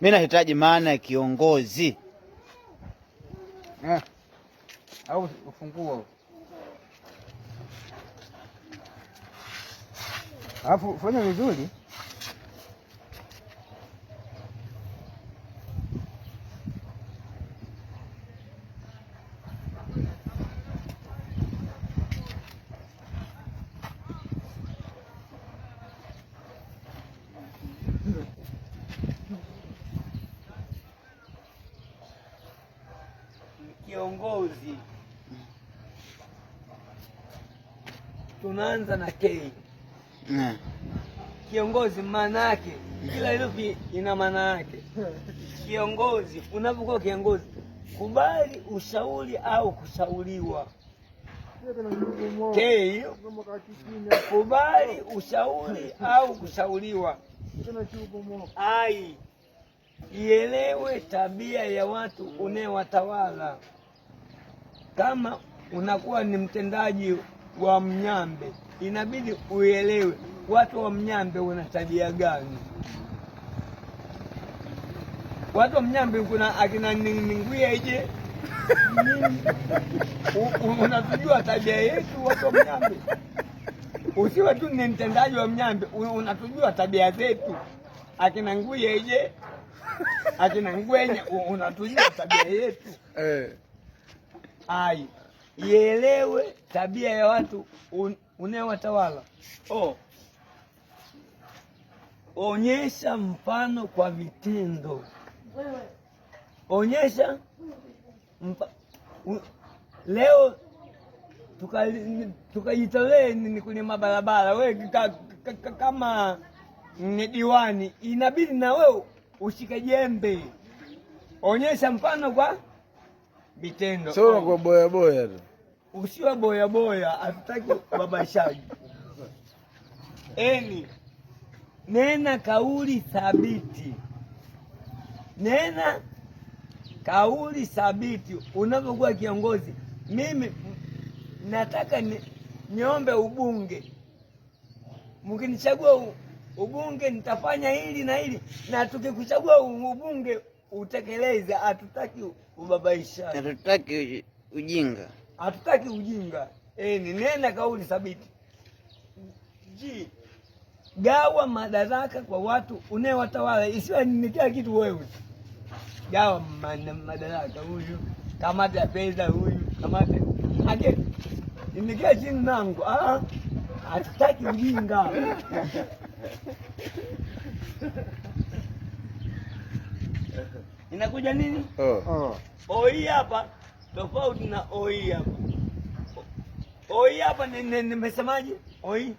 Mimi nahitaji maana ya kiongozi eh, au ufunguo. Alafu fanya vizuri. viongozi. Tunaanza na K kiongozi, maana yake kila herufi ina maana yake. Kiongozi, unapokuwa kiongozi, kubali ushauri au kushauriwa. K, kubali ushauri au kushauriwa. Ai, ielewe tabia ya watu unayewatawala. Kama unakuwa ni mtendaji wa Mnyambe, inabidi uelewe watu wa Mnyambe wana tabia gani. Watu wa Mnyambe kuna akina Ninguya ije unatujua tabia yetu watu wa Mnyambe, usiwe tu ni mtendaji wa Mnyambe, unatujua tabia zetu. Akina Nguya ije akina Ngwenya, unatujua tabia yetu eh hai ielewe tabia ya watu un, unayowatawala. Oh, onyesha mfano kwa vitendo, onyesha mpa, un, leo tukajitolee tuka ni kwenye mabarabara we kama ni diwani, inabidi na wewe ushike jembe, onyesha mfano kwa vitendo. Sio unakuwa boya boya tu, usiwa boya boya, hatutaki ubabashaji. Eni, nena kauli thabiti, nena kauli thabiti unapokuwa kiongozi. Mimi nataka ni, niombe ubunge, mkinichagua ubunge nitafanya hili na hili, na tukikuchagua ubunge utekeleza, hatutaki ubabaisha, hatutaki ujinga, hatutaki ujinga. E, ni nena kauli thabiti ji gawa madaraka kwa watu unayewatawala, isiwe ni kila kitu wewe. Gawa madaraka, huyu kamati ya pesa, huyu kamata ake nimekia chini nangu, ah, hatutaki ujinga inakuja nini? Oh. oh. Oi hapa tofauti na oi hapa. Oi hapa nimesemaje? Oi.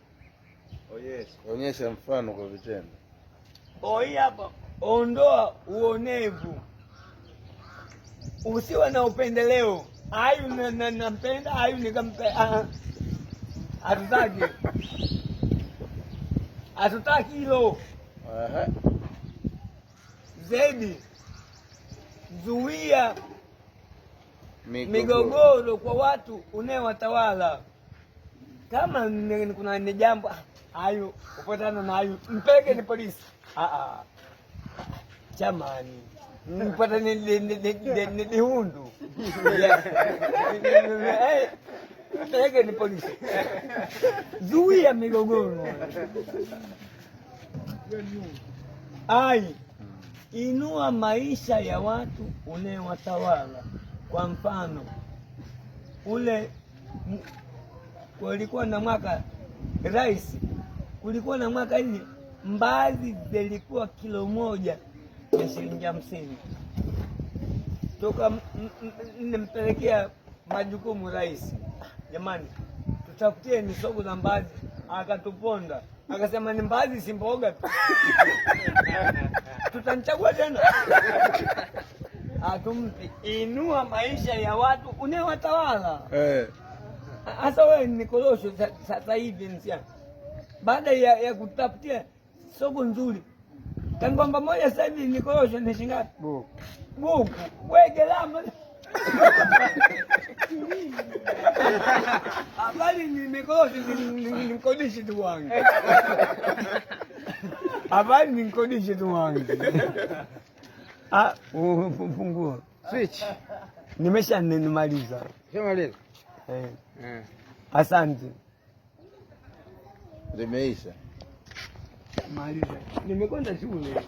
Oh yes. Onyesha mfano kwa vitendo. Oi hapa ondoa uonevu, usiwe na upendeleo. Ayu nampenda na, ayu nikampenda, ah, ah. hatutaki Atutaki hilo zaidi zuia migogoro kwa watu unayewatawala. Kama kuna ni jambo ah, hayo upatana na hayo, mpeke ni polisi. Ah, ah. Jamani, mpata ni hundu mpeke ni polisi. Zuia migogoro ai inua maisha ya watu unayewatawala. Kwa mfano ule kulikuwa na mwaka rais, kulikuwa na mwaka nne, mbaazi zilikuwa kilo moja ya shilingi hamsini toka nimpelekea majukumu rais, jamani, tutafutie ni soko za mbaazi. Akatuponda akasema ni mbaazi, si mboga tu tutanichagua tena atumpi. Inua maisha ya watu unayowatawala eh. hasa hey. Wewe ni korosho sasa hivi msia, baada ya, ya kutafutia soko nzuri kangomba moja sasa hivi ni korosho ni shingapi? buku wegelama habari ni mikorosho mkodishi tu wangu Habari nimkodishe tu wangu. Ah, funguo. Switch. Nimesha nimaliza. Nimaliza. Eh. Eh. Asante. Limeisha. Maliza. Nimekwenda shule.